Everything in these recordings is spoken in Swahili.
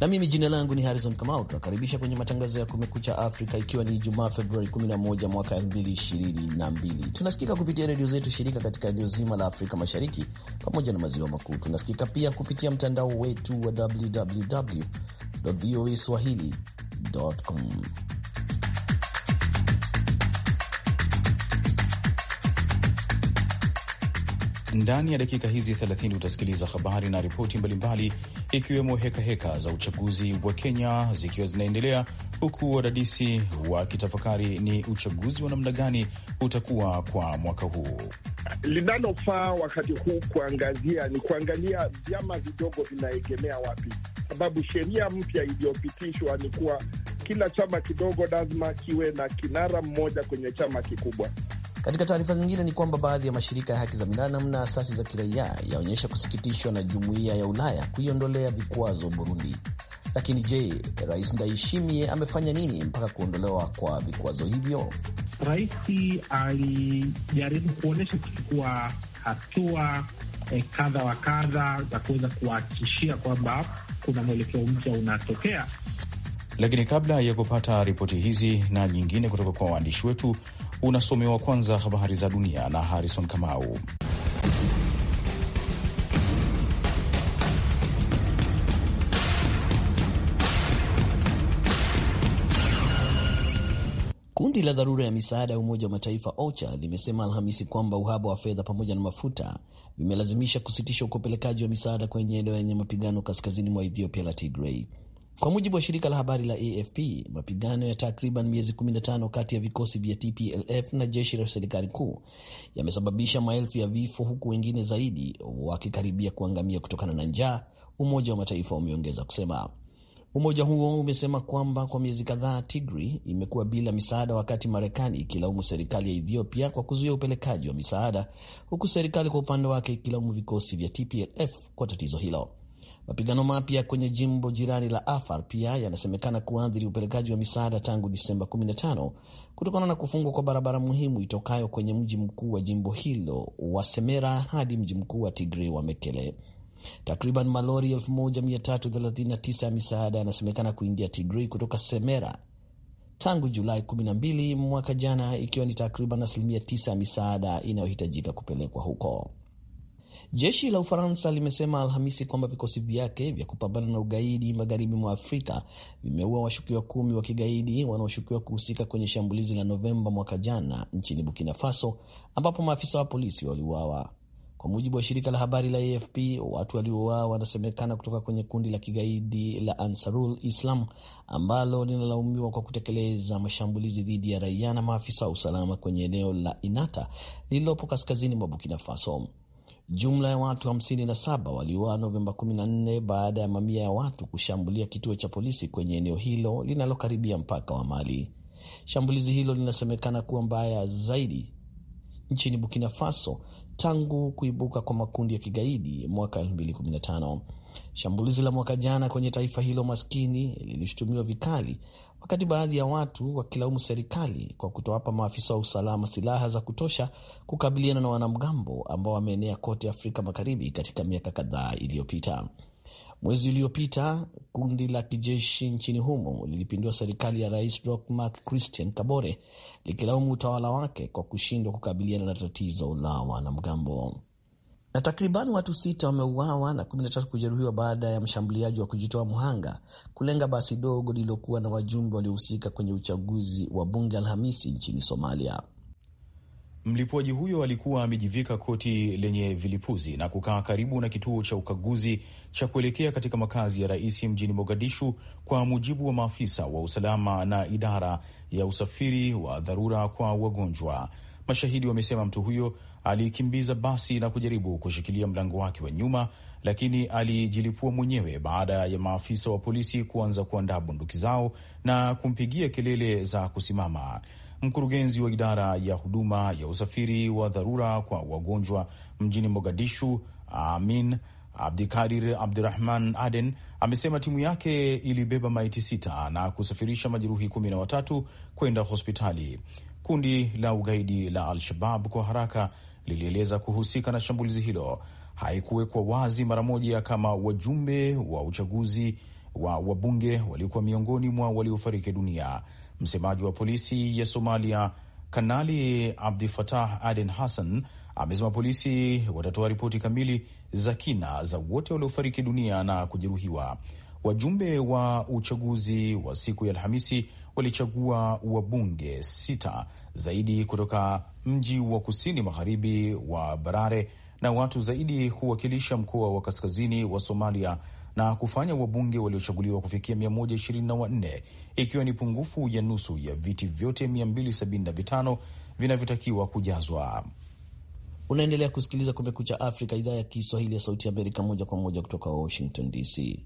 na mimi jina langu ni Harrison Kamau. Tunakaribisha kwenye matangazo ya Kumekucha Afrika, ikiwa ni Ijumaa Februari 11 mwaka 2022. Tunasikika kupitia redio zetu shirika katika eneo zima la Afrika Mashariki pamoja na maziwa makuu. Tunasikika pia kupitia mtandao wetu wa www voa com. Ndani ya dakika hizi 30 utasikiliza habari na ripoti mbalimbali, ikiwemo hekaheka za uchaguzi wa Kenya zikiwa zinaendelea, huku wadadisi wa kitafakari ni uchaguzi wa namna gani utakuwa kwa mwaka huu. Linalofaa wakati huu kuangazia ni kuangalia vyama vidogo vinaegemea wapi, sababu sheria mpya iliyopitishwa ni kuwa kila chama kidogo lazima kiwe na kinara mmoja kwenye chama kikubwa. Katika taarifa zingine ni kwamba baadhi ya mashirika ya haki za binadamu na asasi za kiraia yaonyesha kusikitishwa na jumuiya ya Ulaya kuiondolea vikwazo Burundi. Lakini je, Rais Ndayishimiye amefanya nini mpaka kuondolewa kwa vikwazo hivyo? Rais alijaribu kuonyesha kuchukua hatua eh, kadha wa kadha za kuweza kuwahakikishia kwamba kuna mwelekeo mpya unatokea. Lakini kabla ya kupata ripoti hizi na nyingine kutoka kwa waandishi wetu unasomewa kwanza habari za dunia na Harrison Kamau. Kundi la dharura ya misaada ya Umoja wa Mataifa OCHA limesema Alhamisi kwamba uhaba wa fedha pamoja na mafuta vimelazimisha kusitisha kwa upelekaji wa misaada kwenye eneo lenye mapigano kaskazini mwa Ethiopia la Tigray. Kwa mujibu wa shirika la habari la AFP, mapigano ya takriban miezi 15 kati ya vikosi vya TPLF na jeshi la serikali kuu yamesababisha maelfu ya vifo, huku wengine zaidi wakikaribia kuangamia kutokana na njaa, Umoja wa Mataifa umeongeza kusema. Umoja huo umesema kwamba kwa miezi kadhaa Tigri imekuwa bila misaada, wakati Marekani ikilaumu serikali ya Ethiopia kwa kuzuia upelekaji wa misaada, huku serikali kwa upande wake ikilaumu vikosi vya TPLF kwa tatizo hilo. Mapigano mapya kwenye jimbo jirani la Afar pia yanasemekana kuathiri upelekaji wa misaada tangu Disemba 15 kutokana na kufungwa kwa barabara muhimu itokayo kwenye mji mkuu wa jimbo hilo wa Semera hadi mji mkuu wa tigre wa Mekele. Takriban malori 1339 ya misaada yanasemekana kuingia Tigray kutoka Semera tangu Julai 12 mwaka jana, ikiwa ni takriban asilimia 9 ya misaada inayohitajika kupelekwa huko. Jeshi la Ufaransa limesema Alhamisi kwamba vikosi vyake vya kupambana na ugaidi magharibi mwa Afrika vimeua washukiwa kumi wa kigaidi wanaoshukiwa kuhusika kwenye shambulizi la Novemba mwaka jana nchini Burkina Faso, ambapo maafisa wa polisi waliuawa. Kwa mujibu wa shirika la habari la AFP, watu waliouawa wanasemekana kutoka kwenye kundi la kigaidi la Ansarul Islam ambalo linalaumiwa kwa kutekeleza mashambulizi dhidi ya raia na maafisa wa usalama kwenye eneo la Inata lililopo kaskazini mwa Burkina Faso. Jumla ya watu 57 wa waliuawa Novemba 14 baada ya mamia ya watu kushambulia kituo cha polisi kwenye eneo hilo linalokaribia mpaka wa Mali. Shambulizi hilo linasemekana kuwa mbaya zaidi nchini Burkina Faso tangu kuibuka kwa makundi ya kigaidi mwaka 2015. Shambulizi la mwaka jana kwenye taifa hilo maskini lilishutumiwa vikali, wakati baadhi ya watu wakilaumu serikali kwa kutowapa maafisa wa usalama silaha za kutosha kukabiliana na wanamgambo ambao wameenea kote Afrika Magharibi katika miaka kadhaa iliyopita. Mwezi uliopita kundi la kijeshi nchini humo lilipindua serikali ya rais Roch Marc Christian Kabore likilaumu utawala wake kwa kushindwa kukabiliana na tatizo la wanamgambo na takriban watu sita wameuawa na 13 kujeruhiwa baada ya mshambuliaji wa kujitoa mhanga kulenga basi dogo lililokuwa na wajumbe waliohusika kwenye uchaguzi wa bunge Alhamisi nchini Somalia. Mlipuaji huyo alikuwa amejivika koti lenye vilipuzi na kukaa karibu na kituo cha ukaguzi cha kuelekea katika makazi ya rais mjini Mogadishu, kwa mujibu wa maafisa wa usalama na idara ya usafiri wa dharura kwa wagonjwa. Mashahidi wamesema mtu huyo alikimbiza basi na kujaribu kushikilia mlango wake wa nyuma, lakini alijilipua mwenyewe baada ya maafisa wa polisi kuanza kuandaa bunduki zao na kumpigia kelele za kusimama. Mkurugenzi wa idara ya huduma ya usafiri wa dharura kwa wagonjwa mjini Mogadishu, Amin Abdikadir Abdurahman Aden amesema timu yake ilibeba maiti sita na kusafirisha majeruhi kumi na watatu kwenda hospitali. Kundi la ugaidi la Al-Shabab kwa haraka lilieleza kuhusika na shambulizi hilo. Haikuwekwa wazi mara moja kama wajumbe wa uchaguzi wa wabunge waliokuwa miongoni mwa waliofariki dunia. Msemaji wa polisi ya Somalia Kanali Abdi Fatah Aden Hassan amesema polisi watatoa ripoti kamili za kina za wote waliofariki dunia na kujeruhiwa. Wajumbe wa uchaguzi wa siku ya Alhamisi walichagua wabunge sita zaidi kutoka mji wa kusini magharibi wa Barare na watu zaidi kuwakilisha mkoa wa kaskazini wa Somalia na kufanya wabunge waliochaguliwa kufikia 124 ikiwa ni pungufu ya nusu ya viti vyote 275 vinavyotakiwa kujazwa. Unaendelea kusikiliza Kumekucha Afrika, idhaa ya Kiswahili ya Sauti ya Amerika, moja kwa moja kutoka Washington DC.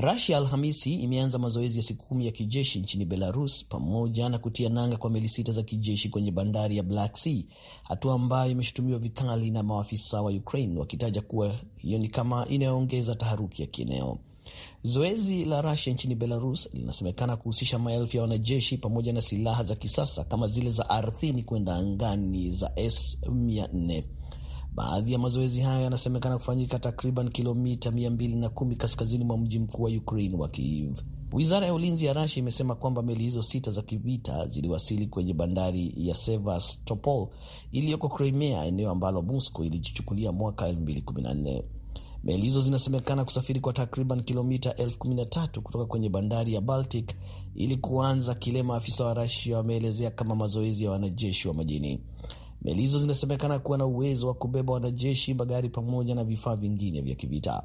Rusia Alhamisi imeanza mazoezi ya siku kumi ya kijeshi nchini Belarus pamoja na kutia nanga kwa meli sita za kijeshi kwenye bandari ya Black Sea, hatua ambayo imeshutumiwa vikali na maafisa wa Ukraine wakitaja kuwa hiyo ni kama inayoongeza taharuki ya kieneo. Zoezi la Rusia nchini Belarus linasemekana kuhusisha maelfu ya wanajeshi pamoja na silaha za kisasa kama zile za ardhini kwenda angani za S400. Baadhi ya mazoezi hayo yanasemekana kufanyika takriban kilomita 210 kaskazini mwa mji mkuu wa Ukraine wa Kiev. Wizara ya ulinzi ya Rasia imesema kwamba meli hizo sita za kivita ziliwasili kwenye bandari ya Sevastopol iliyoko Crimea, eneo ambalo Moscow ilijichukulia mwaka 2014. Meli hizo zinasemekana kusafiri kwa takriban kilomita 13 kutoka kwenye bandari ya Baltic ili kuanza kile maafisa wa Rasia wameelezea kama mazoezi ya wanajeshi wa majini. Meli hizo zinasemekana kuwa na uwezo wa kubeba wanajeshi, magari pamoja na vifaa vingine vya kivita.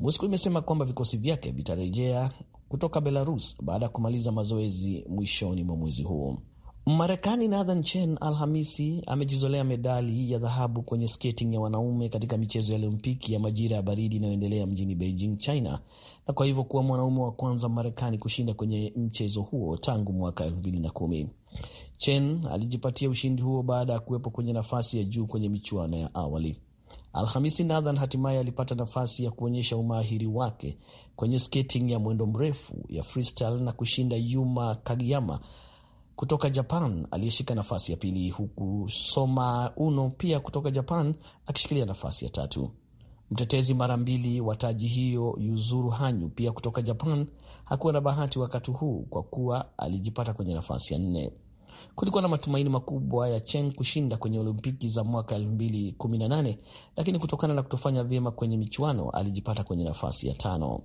Moscow imesema kwamba vikosi vyake vitarejea kutoka Belarus baada ya kumaliza mazoezi mwishoni mwa mwezi huu. Marekani Nathan Chen Alhamisi amejizolea medali ya dhahabu kwenye skating ya wanaume katika michezo ya Olimpiki ya majira ya baridi inayoendelea mjini Beijing, China, na kwa hivyo kuwa mwanaume wa kwanza Marekani kushinda kwenye mchezo huo tangu mwaka Chen alijipatia ushindi huo baada ya kuwepo kwenye nafasi ya juu kwenye michuano ya awali. Alhamisi, Nathan hatimaye alipata nafasi ya kuonyesha umahiri wake kwenye skating ya mwendo mrefu ya freestyle na kushinda Yuma Kagiyama kutoka Japan aliyeshika nafasi ya pili, huku Soma Uno pia kutoka Japan akishikilia nafasi ya tatu. Mtetezi mara mbili wa taji hiyo Yuzuru Hanyu, pia kutoka Japan, hakuwa na bahati wakati huu kwa kuwa alijipata kwenye nafasi ya nne. Kulikuwa na matumaini makubwa ya Cheng kushinda kwenye Olimpiki za mwaka 2018 lakini kutokana na kutofanya vyema kwenye michuano alijipata kwenye nafasi ya tano.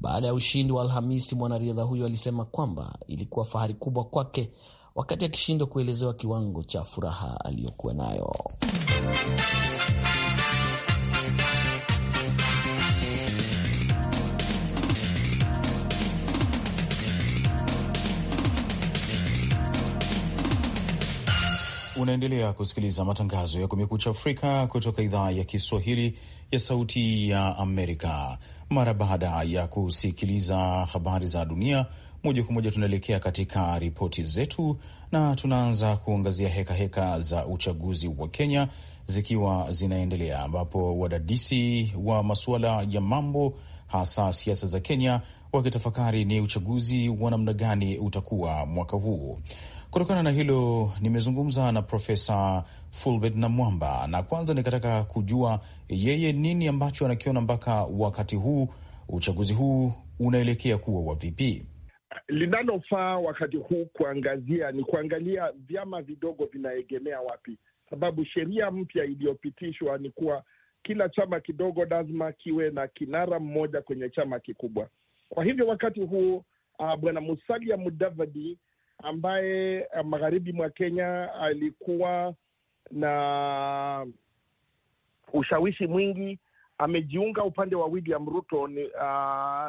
Baada ya ushindi wa Alhamisi, mwanariadha huyo alisema kwamba ilikuwa fahari kubwa kwake, wakati akishindwa kuelezewa kiwango cha furaha aliyokuwa nayo. Unaendelea kusikiliza matangazo ya Kumekucha Afrika kutoka idhaa ya Kiswahili ya Sauti ya Amerika. Mara baada ya kusikiliza habari za dunia moja kwa moja, tunaelekea katika ripoti zetu na tunaanza kuangazia hekaheka heka za uchaguzi wa Kenya zikiwa zinaendelea, ambapo wadadisi wa masuala ya mambo hasa siasa za Kenya wakitafakari ni uchaguzi wa namna gani utakuwa mwaka huu. Kutokana na hilo, nimezungumza na Profesa Fulbert Namwamba na kwanza nikataka kujua yeye nini ambacho anakiona mpaka wakati huu uchaguzi huu unaelekea kuwa wa vipi. Linalofaa wakati huu kuangazia ni kuangalia vyama vidogo vinaegemea wapi, sababu sheria mpya iliyopitishwa ni kuwa kila chama kidogo lazima kiwe na kinara mmoja kwenye chama kikubwa. Kwa hivyo wakati huu uh, bwana Musalia Mudavadi ambaye eh, magharibi mwa Kenya alikuwa na ushawishi mwingi amejiunga upande wa William Ruto ni, uh,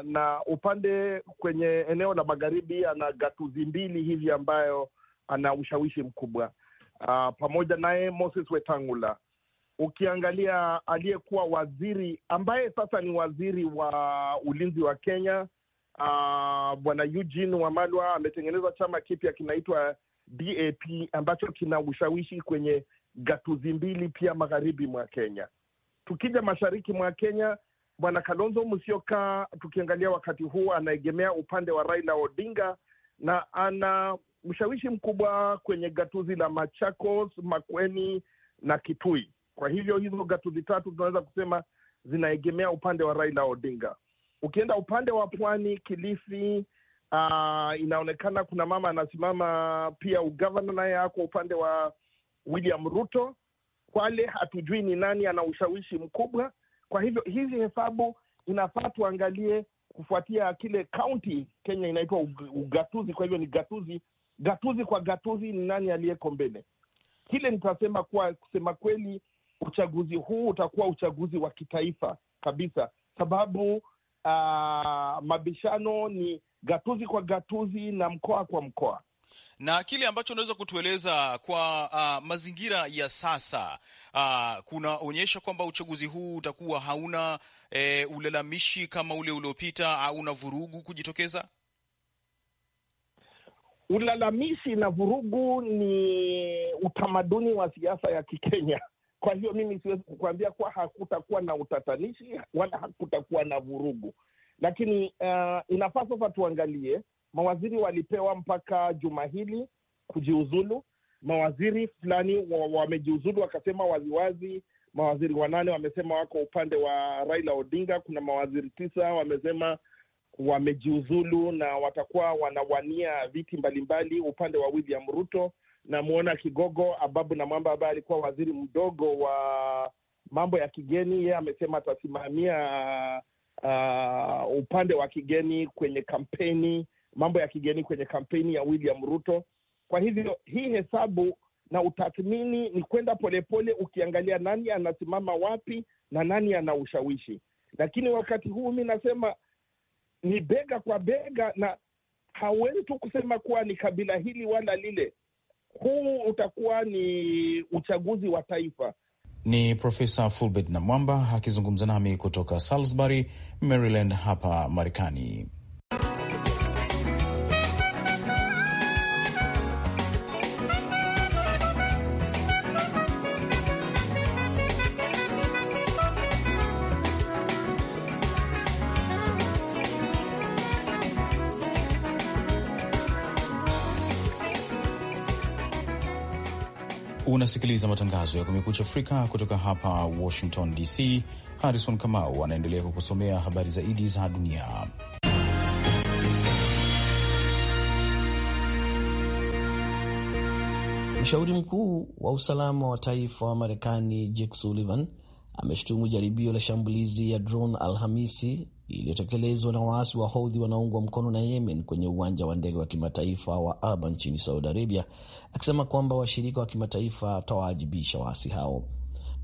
na upande kwenye eneo la magharibi ana gatuzi mbili hivi ambayo ana ushawishi mkubwa uh, pamoja naye Moses Wetangula. Ukiangalia aliyekuwa waziri ambaye sasa ni waziri wa ulinzi wa Kenya uh, bwana Eugene Wamalwa ametengeneza chama kipya kinaitwa DAP ambacho kina ushawishi kwenye gatuzi mbili pia magharibi mwa Kenya. Tukija mashariki mwa Kenya, bwana Kalonzo Musyoka, tukiangalia wakati huu, anaegemea upande wa Raila Odinga na ana ushawishi mkubwa kwenye gatuzi la Machakos, Makueni na Kitui. Kwa hivyo hizo gatuzi tatu tunaweza kusema zinaegemea upande wa Raila Odinga. Ukienda upande wa pwani, Kilifi, uh, inaonekana kuna mama anasimama pia, ugavana naye ako upande wa William Ruto. Kwale hatujui ni nani ana ushawishi mkubwa. Kwa hivyo hizi hesabu inafaa tuangalie kufuatia kile kaunti Kenya inaitwa ugatuzi. Kwa hivyo ni gatuzi gatuzi kwa gatuzi, ni nani aliyeko mbele. Kile nitasema kuwa kusema kweli, uchaguzi huu utakuwa uchaguzi wa kitaifa kabisa, sababu uh, mabishano ni gatuzi kwa gatuzi na mkoa kwa mkoa na kile ambacho unaweza kutueleza kwa uh, mazingira ya sasa uh, ah, kunaonyesha kwamba uchaguzi huu utakuwa hauna eh, ulalamishi kama ule uliopita au na vurugu kujitokeza. Ulalamishi na vurugu ni utamaduni wa siasa ya Kikenya. Kwa hiyo mimi siwezi kukuambia kuwa hakutakuwa na utatanishi wala hakutakuwa na vurugu, lakini uh, inafaa sasa tuangalie, mawaziri walipewa mpaka juma hili kujiuzulu. Mawaziri fulani wamejiuzulu wa wakasema waziwazi. Mawaziri wanane wamesema wako upande wa Raila Odinga. Kuna mawaziri tisa wamesema wamejiuzulu na watakuwa wanawania viti mbalimbali upande wa William Ruto namwona Kigogo Ababu na mwamba ambaye alikuwa waziri mdogo wa mambo ya kigeni. Yeye amesema atasimamia uh, upande wa kigeni kwenye kampeni, mambo ya kigeni kwenye kampeni ya William Ruto. Kwa hivyo hii hesabu na utathmini ni kwenda polepole, ukiangalia nani anasimama wapi na nani ana ushawishi. Lakini wakati huu mi nasema ni bega kwa bega, na hawezi tu kusema kuwa ni kabila hili wala lile huu utakuwa ni uchaguzi wa taifa. Ni Profesa Fulbert Namwamba akizungumza nami kutoka Salisbury, Maryland hapa Marekani. Unasikiliza matangazo ya Kumekucha Afrika kutoka hapa Washington DC. Harrison Kamau anaendelea kukusomea habari zaidi za dunia. Mshauri mkuu wa usalama wa taifa wa Marekani Jake Sullivan ameshutumu jaribio la shambulizi ya drone Alhamisi iliyotekelezwa na waasi wa Houthi wanaoungwa mkono na Yemen kwenye uwanja wa ndege wa kimataifa wa Aba nchini Saudi Arabia, akisema kwamba washirika wa kimataifa atawaajibisha waasi hao.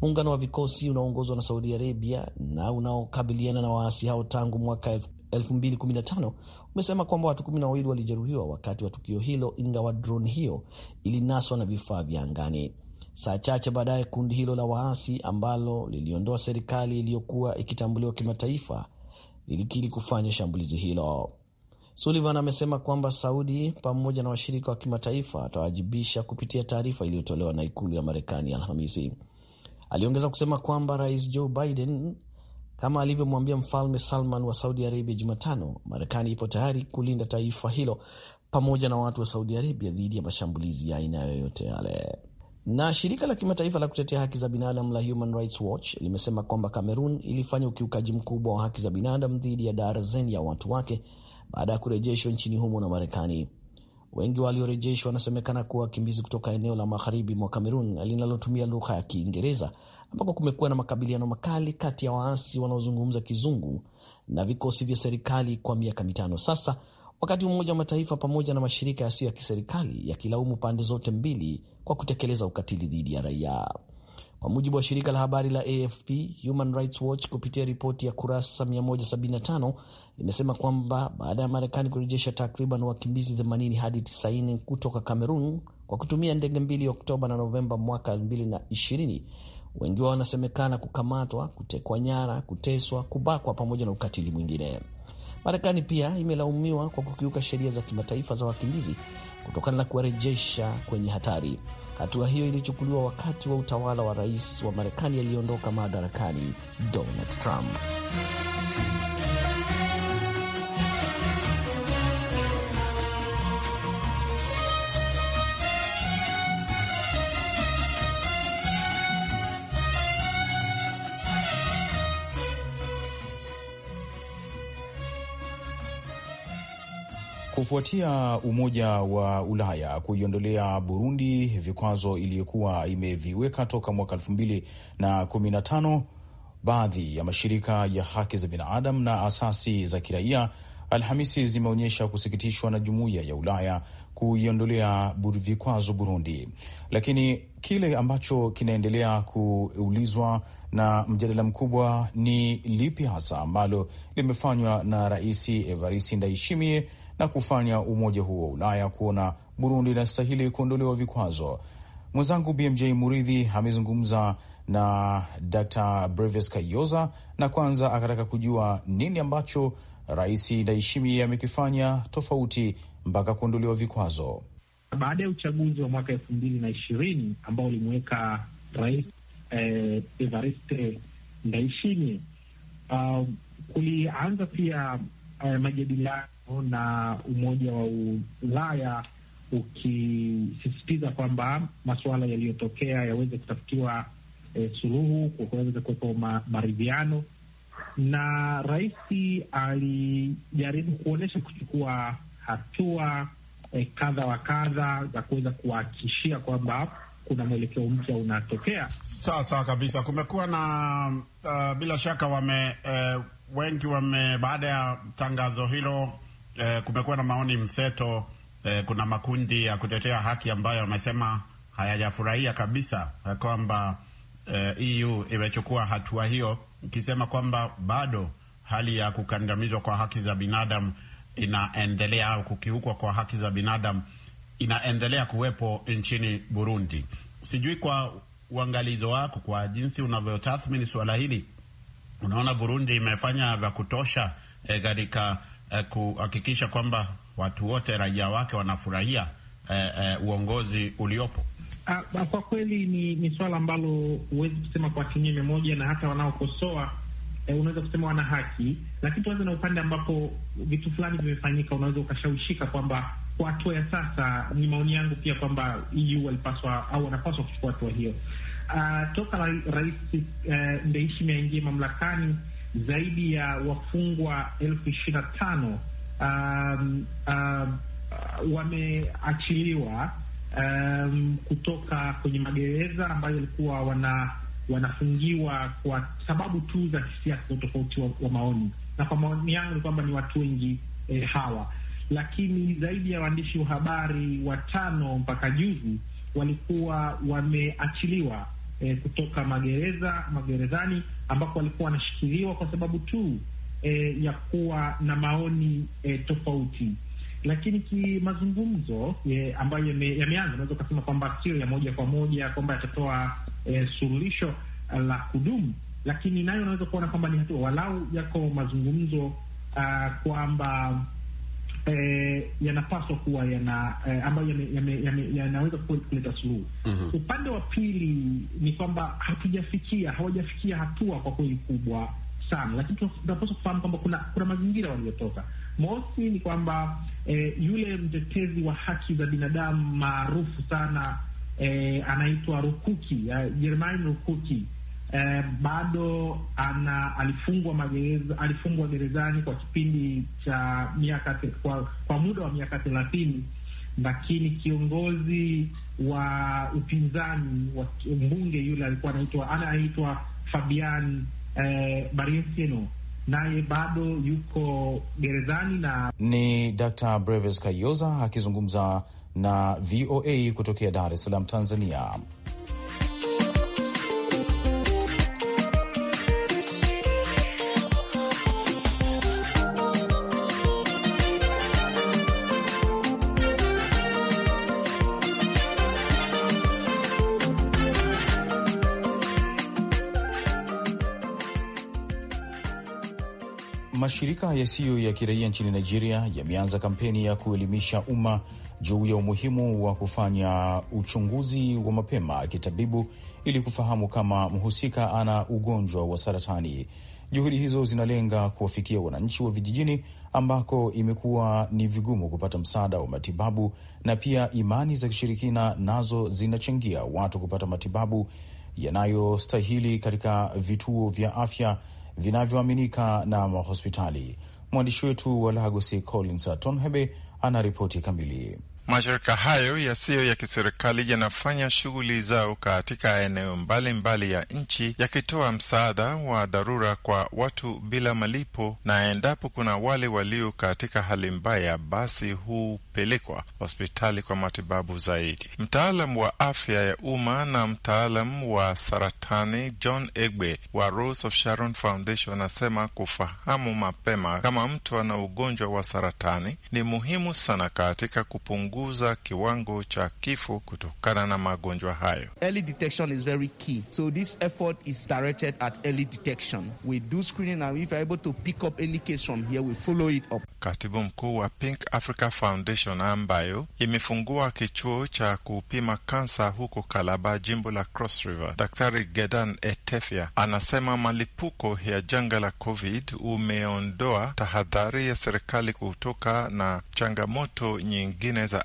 Muungano wa vikosi unaoongozwa na Saudi Arabia na unaokabiliana na waasi hao tangu mwaka 2015 umesema kwamba watu wawili walijeruhiwa wakati wa tukio hilo, ingawa drone hiyo ilinaswa na vifaa vya angani. Saa chache baadaye, kundi hilo la waasi ambalo liliondoa serikali iliyokuwa ikitambuliwa kimataifa lilikiri kufanya shambulizi hilo. Sullivan amesema kwamba Saudi pamoja na washirika wa kimataifa atawajibisha kupitia taarifa iliyotolewa na ikulu ya Marekani Alhamisi. Aliongeza kusema kwamba Rais Joe Biden kama alivyomwambia Mfalme Salman wa Saudi Arabia Jumatano, Marekani ipo tayari kulinda taifa hilo pamoja na watu wa Saudi Arabia dhidi ya mashambulizi ya aina yoyote yale. Na shirika la kimataifa la kutetea haki za binadamu la Human Rights Watch limesema kwamba Cameroon ilifanya ukiukaji mkubwa wa haki za binadamu dhidi ya darzeni ya watu wake baada ya kurejeshwa nchini humo na Marekani. Wengi waliorejeshwa wanasemekana kuwa wakimbizi kutoka eneo la magharibi mwa Cameroon linalotumia lugha ya Kiingereza, ambako kumekuwa na makabiliano makali kati ya waasi wanaozungumza kizungu na vikosi vya serikali kwa miaka mitano sasa, wakati Umoja wa Mataifa pamoja na mashirika yasiyo ya kiserikali yakilaumu pande zote mbili kwa kutekeleza ukatili dhidi ya raia. Kwa mujibu wa shirika la habari la AFP, Human Rights Watch kupitia ripoti ya kurasa 175 limesema kwamba baada ya Marekani kurejesha takriban wakimbizi 80 hadi 90 kutoka Cameroon kwa kutumia ndege mbili Oktoba na Novemba mwaka 2020, wengi wao wanasemekana kukamatwa, kutekwa nyara, kuteswa, kubakwa pamoja na ukatili mwingine. Marekani pia imelaumiwa kwa kukiuka sheria za kimataifa za wakimbizi kutokana na kuwarejesha kwenye hatari. Hatua hiyo ilichukuliwa wakati wa utawala wa rais wa Marekani aliyeondoka madarakani Donald Trump. Kufuatia Umoja wa Ulaya kuiondolea Burundi vikwazo iliyokuwa imeviweka toka mwaka elfu mbili na kumi na tano, baadhi ya mashirika ya haki za binadamu na asasi za kiraia Alhamisi zimeonyesha kusikitishwa na jumuiya ya Ulaya kuiondolea vikwazo Burundi, lakini kile ambacho kinaendelea kuulizwa na mjadala mkubwa ni lipi hasa ambalo limefanywa na Rais Evariste Ndayishimiye na kufanya umoja huo wa Ulaya kuona Burundi inastahili kuondolewa vikwazo. Mwenzangu BMJ Muridhi amezungumza na Dr Brevis Kayoza na kwanza akataka kujua nini ambacho Rais Ndayishimiye amekifanya tofauti mpaka kuondolewa vikwazo. Baada ya uchaguzi wa mwaka elfu mbili na ishirini ambao ulimuweka Rais eh, Evariste Ndayishimiye, uh, ah, kulianza pia eh, majadiliano na Umoja wa Ulaya ukisisitiza kwamba masuala yaliyotokea yaweze kutafutiwa e, suluhu kwa kuweza kuwepo ma, maridhiano. Na rais alijaribu kuonyesha kuchukua hatua e, kadha wa kadha za kuweza kuwahakikishia kwamba kuna mwelekeo mpya unatokea. Sawa sawa kabisa. Kumekuwa na uh, bila shaka wame uh, wengi wame baada ya tangazo hilo eh, kumekuwa na maoni mseto eh, kuna makundi ya kutetea haki ambayo yamesema hayajafurahia kabisa eh, kwamba eh, EU imechukua hatua hiyo ikisema kwamba bado hali ya kukandamizwa kwa haki za binadamu inaendelea au kukiukwa kwa haki za binadamu inaendelea kuwepo nchini Burundi. Sijui kwa uangalizo wako, kwa jinsi unavyotathmini suala hili, unaona Burundi imefanya vya kutosha eh, katika eh, kuhakikisha kwamba watu wote raia wake wanafurahia eh, eh, uongozi uliopo? A, ah, ah, kwa kweli ni, ni swala ambalo huwezi kusema kwa kinyume moja, na hata wanaokosoa eh, unaweza kusema wana haki, lakini tuanze na upande ambapo vitu fulani vimefanyika, unaweza ukashawishika kwamba kwa hatua ya sasa, ni maoni yangu pia kwamba EU walipaswa au wanapaswa kuchukua hatua hiyo. Uh, toka Rais uh, Ndayishimiye aingie mamlakani zaidi ya wafungwa elfu ishirini na tano um, um, wameachiliwa um, kutoka kwenye magereza ambayo walikuwa wana, wanafungiwa kwa sababu tu za kisiasa za utofauti wa, wa maoni, na kwa maoni yangu ni kwamba ni watu wengi eh, hawa, lakini zaidi ya waandishi wa habari watano mpaka juzi walikuwa wameachiliwa eh, kutoka magereza magerezani ambako walikuwa wanashikiliwa kwa sababu tu e, ya kuwa na maoni e, tofauti. Lakini kimazungumzo e, ambayo yameanza, unaweza ukasema kwamba sio ya moja kwa moja kwamba yatatoa e, suluhisho la kudumu, lakini nayo unaweza kuona kwamba ni hatua, walau yako mazungumzo ah, kwamba Eh, yanapaswa kuwa yana eh, ambayo yanaweza yame, yame, yame, kuleta suluhu mhm. Upande wa pili ni kwamba hatujafikia hawajafikia hatua kwa kweli kubwa sana, lakini tunapaswa kufahamu kwamba kuna, kuna mazingira waliotoka. Mosi ni kwamba e, yule mtetezi wa haki za binadamu maarufu sana e, anaitwa Rukuki, Jermaine Rukuki eh, bado ana, alifungwa magereza, alifungwa gerezani kwa kipindi cha miaka kwa, kwa muda wa miaka thelathini, lakini kiongozi wa upinzani wa mbunge yule alikuwa anaitwa anaitwa Fabian eh, Barienseno naye bado yuko gerezani. Na ni Dr. Breves Kayoza akizungumza na VOA kutokea Dar es Salaam, Tanzania. Mashirika yasiyo ya kiraia nchini Nigeria yameanza kampeni ya kuelimisha umma juu ya umuhimu wa kufanya uchunguzi wa mapema kitabibu ili kufahamu kama mhusika ana ugonjwa wa saratani. Juhudi hizo zinalenga kuwafikia wananchi wa vijijini ambako imekuwa ni vigumu kupata msaada wa matibabu, na pia imani za kishirikina nazo zinachangia watu kupata matibabu yanayostahili katika vituo vya afya vinavyoaminika na mahospitali. Mwandishi wetu wa Lagosi Collins tonhebe anaripoti kamili. Mashirika hayo yasiyo ya kiserikali yanafanya shughuli zao katika eneo mbalimbali ya nchi yakitoa msaada wa dharura kwa watu bila malipo, na endapo kuna wale walio katika hali mbaya, basi hupelekwa hospitali kwa matibabu zaidi. Mtaalam wa afya ya umma na mtaalam wa saratani John Egbe wa Rose of Sharon Foundation anasema kufahamu mapema kama mtu ana ugonjwa wa saratani ni muhimu sana katika kupunguza kupunguza kiwango cha kifo kutokana na magonjwa hayo. Early detection is very key. So this effort is directed at early detection. We do screening and if able to pick up any case from here, we follow it up. Katibu mkuu wa Pink Africa Foundation ambayo imefungua kichuo cha kupima kansa huko Kalaba, jimbo la Cross River, Daktari Gedan Etefia anasema malipuko ya janga la COVID umeondoa tahadhari ya serikali kutoka na changamoto nyingine za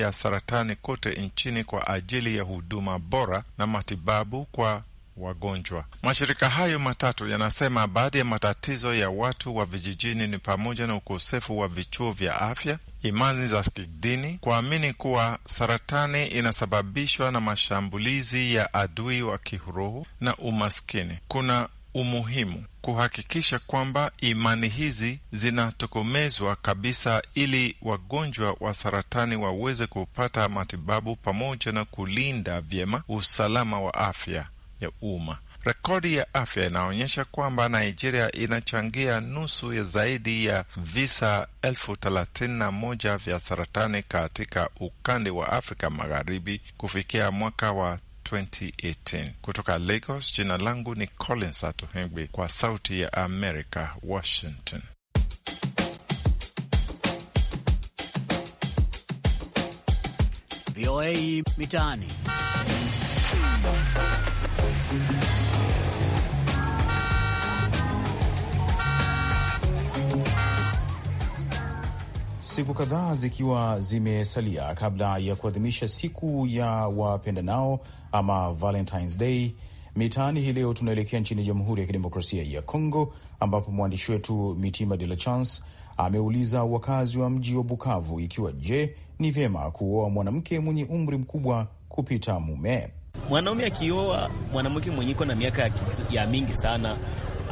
ya saratani kote nchini kwa ajili ya huduma bora na matibabu kwa wagonjwa. Mashirika hayo matatu yanasema baadhi ya matatizo ya watu wa vijijini ni pamoja na ukosefu wa vichuo vya afya, imani za kidini, kuamini kuwa saratani inasababishwa na mashambulizi ya adui wa kiroho na umaskini. Kuna umuhimu kuhakikisha kwamba imani hizi zinatokomezwa kabisa, ili wagonjwa wa saratani waweze kupata matibabu pamoja na kulinda vyema usalama wa afya ya umma. Rekodi ya afya inaonyesha kwamba Nigeria inachangia nusu ya zaidi ya visa elfu thelathini na moja vya saratani katika ukande wa Afrika Magharibi kufikia mwaka wa 2018. Kutoka Lagos, jina langu ni Collins Atohengwi kwa Sauti ya Amerika, Washington. VOA Mitaani. siku kadhaa zikiwa zimesalia kabla ya kuadhimisha siku ya wapendanao ama Valentines Day. Mitaani hii leo tunaelekea nchini Jamhuri ya Kidemokrasia ya congo ambapo mwandishi wetu Mitima De La Chance ameuliza wakazi wa mji wa Bukavu ikiwa je, ni vyema kuoa mwanamke mwenye umri mkubwa kupita mume. Mwanaume akioa mwanamke mwenye iko na miaka ya mingi sana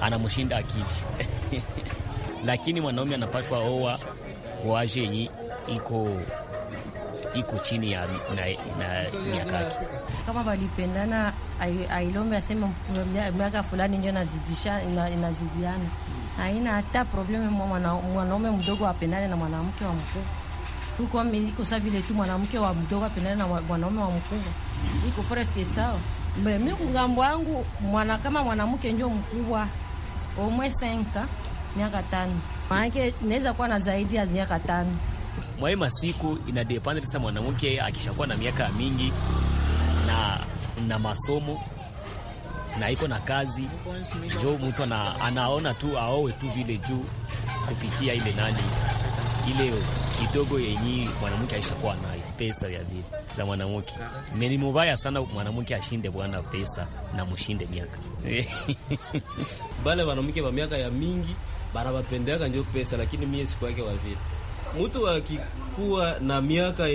anamshinda akiti lakini mwanaume anapashwa oa waje yenye iko iko chini ya miaka kama walipendana, ailombe aseme miaka fulani ndio nazidisha inazidiana, haina hata problemu. Mwanaume mdogo apendane na mwanamke wa mkubwa huko iko sawa vile tu mwanamke wa mdogo apendane na mwanaume wa mkubwa, iko presque sawa. Mimi kungambo wangu mwana kama mwanamke ndio mkubwa omwe senka miaka tano maanake naweza kuwa na zaidi ya miaka tano mwaye masiku inadepende sasa. Mwanamke akishakuwa na miaka mingi na, na masomo na iko na kazi jo, mtu anaona tu aowe tu vile juu kupitia ile nani ile kidogo yenye mwanamke aishakuwa nayo pesa ya vile za mwanamke. meni mubaya sana mwanamke ashinde bwana pesa na mushinde miaka bale wanamke wa miaka ya mingi banabapendaka njo pesa, lakini mie siku yake wa vile mtu akikuwa na miaka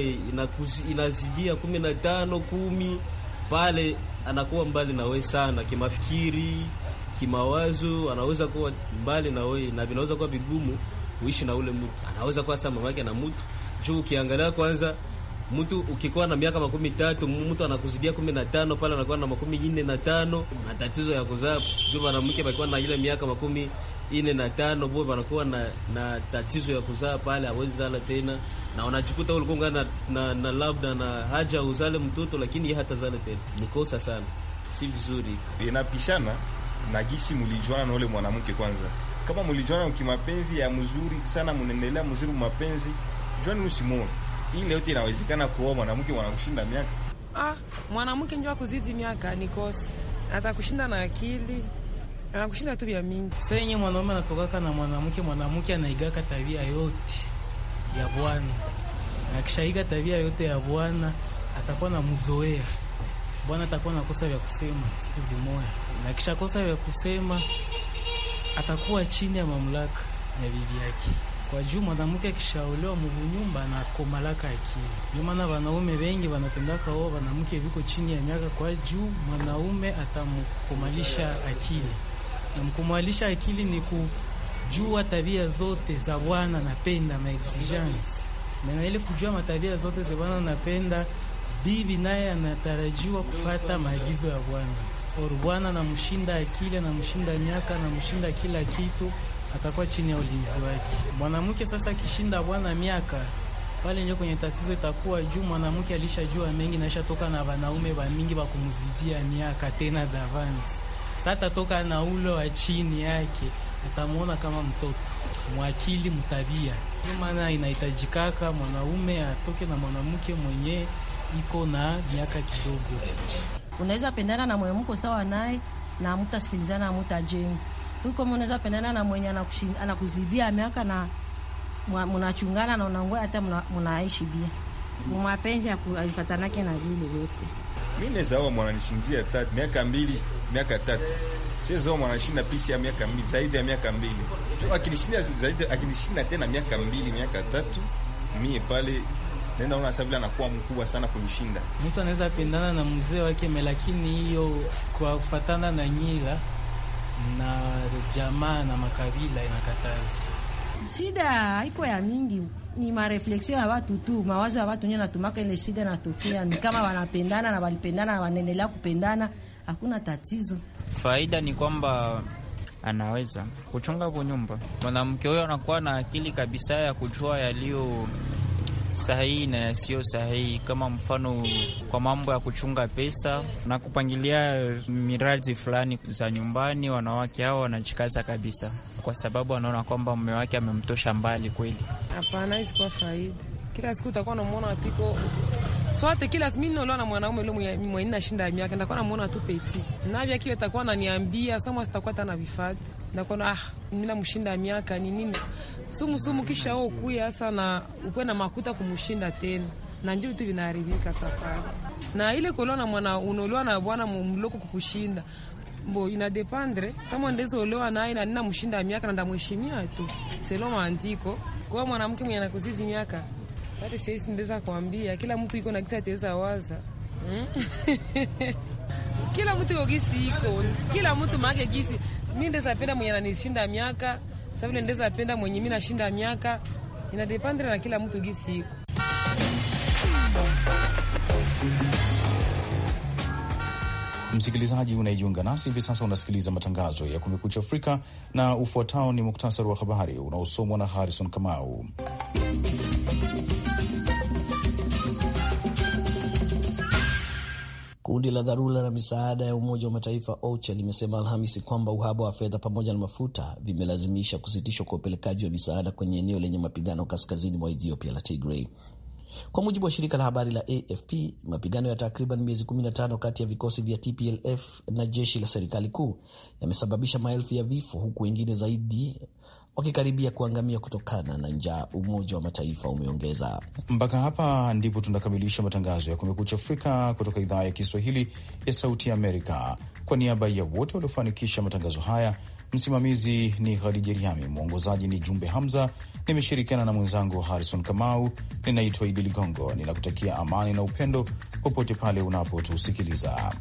inazidia kumi na tano kumi pale anakuwa mbali na we sana kimafikiri, kimawazo, anaweza kuwa mbali we na vinaweza kuwa vigumu kuishi na ule mtu, anaweza kuwa sa mamake na mtu juu ukiangalia kwanza mtu ukikuwa na miaka makumi tatu mtu anakuzidia kumi na tano pale anakuwa na makumi nne na tano na tatizo ya kuzaa juu mwanamke bakiwa na ile miaka makumi ine na tano bo wanakuwa na, na tatizo ya kuzaa pale, hawezi zala tena, na wanachukuta ulikuwa na, na, na labda na haja uzale mtoto lakini ye hata hatazala tena. Ni kosa sana, si vizuri. Inapishana na gisi mulijuana na ule mwanamke kwanza. Kama mulijuana kimapenzi ya mzuri sana, munaendelea mzuri mapenzi, jwani usimwone ile yote inawezekana kuoa mwanamke wanakushinda miaka? Ah, mwanamke njua kuzidi miaka ni kosa, atakushinda na akili, anakushinda tu vya mingi. Sasa yenye mwanaume anatokaka na mwanamke, mwanamke anaigaka tabia yote ya bwana, na akishaiga tabia yote ya bwana atakuwa na mzoea bwana, atakuwa na kosa vya kusema siku zimoya, na kisha kosa vya kusema atakuwa chini ya mamlaka ya bibi yake kwa juu mwanamke nyumba na komalaka akili. Ndio maana wanaume wengi wanapendaka wao wanamke viko chini ya miaka kwa juu, mwanaume atamkomalisha akili, na mkomalisha akili ni kujua tabia zote za bwana napenda maexigence na ile kujua matabia zote za bwana napenda, bibi naye anatarajiwa kufata maagizo ya bwana. Bwana namshinda akili, namshinda miaka, namshinda kila kitu atakuwa chini ya ulinzi wake. Mwanamke sasa akishinda bwana miaka pale ndio kwenye tatizo itakuwa juu mwanamke alishajua mengi na ishatoka na wanaume wa mingi wa kumzidia miaka tena davance. Sasa toka na ulo wa chini yake atamuona kama mtoto mwakili mtabia. Ndio maana inahitajikaka mwanaume atoke na mwanamke mwenye iko na miaka kidogo. Unaweza pendana na mwanamke sawa naye na mtasikilizana, mtajenga huko mnaweza pendana na mwenye anakuzidia miaka na mnachungana na unaongoa hata mnaishi bia. Mwapenzi akuifatanake na vile wote. Mimi naweza au mwananishindia tatu miaka mbili, miaka tatu. Chezo mwanashinda pisi ya miaka mbili, zaidi ya miaka mbili. Jo akinishinda zaidi akinishinda tena miaka mbili, miaka tatu. Mimi pale nenda ona sasa vile anakuwa mkubwa sana kunishinda. Mtu anaweza pendana na mzee wake, lakini hiyo kwa kufatana na nyila na jamaa na makabila inakataza. Shida haiko ya mingi, ni marefleksio ya watu tu, mawazo ya watu nye natumaka ile shida natokea. Ni kama wanapendana na walipendana na wanaendelea kupendana, hakuna tatizo. Faida ni kwamba anaweza kuchunga po nyumba, mwanamke huyo anakuwa na akili kabisa ya kujua yaliyo sahihi na yasiyo sahihi, kama mfano kwa mambo ya kuchunga pesa na kupangilia miradi fulani za nyumbani. Wanawake hao wanajikaza kabisa, kwa sababu wanaona kwamba mume wake amemtosha mbali. Kweli hapana, kwa faida. Kila siku utakuwa unamwona atiko Sote kila mimi naona mwanaume yule mwenye na shinda miaka ndakuwa namuona tu peti. Na vya kile takuwa ananiambia sama sitakuwa tena vifata. Na kuna ah, mimi namshinda miaka ni nini? Sumu sumu kisha wao kuya sana ukwe na makuta kumshinda tena. Na ndio vitu vinaharibika safari. Na ile kolona mwana unolewa na bwana mloko kukushinda. Mbo ina dependre kama ndezo olewa naye na nina mshinda miaka na ndamheshimia tu. Selo maandiko. Kwa mwanamke mwenye anakuzizi miaka hata siwezi ndeza kuambia, kila mtu iko na kisa ataweza waza mm? kila mtu iko gisi iko kila mtu maake gisi. Mi ndeza penda mwenye ananishinda miaka sasa ndeza penda mwenye mi nashinda miaka, inadependre na kila mtu gisi iko Msikilizaji unayejiunga nasi hivi sasa, unasikiliza matangazo ya Kumekucha Afrika na ufuatao ni muktasari wa habari unaosomwa na Harrison Kamau. Kundi la dharura la misaada ya Umoja wa Mataifa OCHA limesema Alhamisi kwamba uhaba wa fedha pamoja na mafuta vimelazimisha kusitishwa kwa upelekaji wa misaada kwenye eneo lenye mapigano kaskazini mwa Ethiopia la Tigray. Kwa mujibu wa shirika la habari la AFP, mapigano ya takriban miezi 15 kati ya vikosi vya TPLF na jeshi la serikali kuu yamesababisha maelfu ya vifo huku wengine zaidi wakikaribia kuangamia kutokana na njaa, Umoja wa Mataifa umeongeza. Mpaka hapa ndipo tunakamilisha matangazo ya Kumekucha Afrika kutoka idhaa ya Kiswahili ya Sauti ya Amerika. Kwa niaba ya wote waliofanikisha matangazo haya, msimamizi ni Khadija Riami, mwongozaji ni Jumbe Hamza. Nimeshirikiana na mwenzangu Harrison Kamau. Ninaitwa Idi Ligongo, ninakutakia amani na upendo popote pale unapotusikiliza.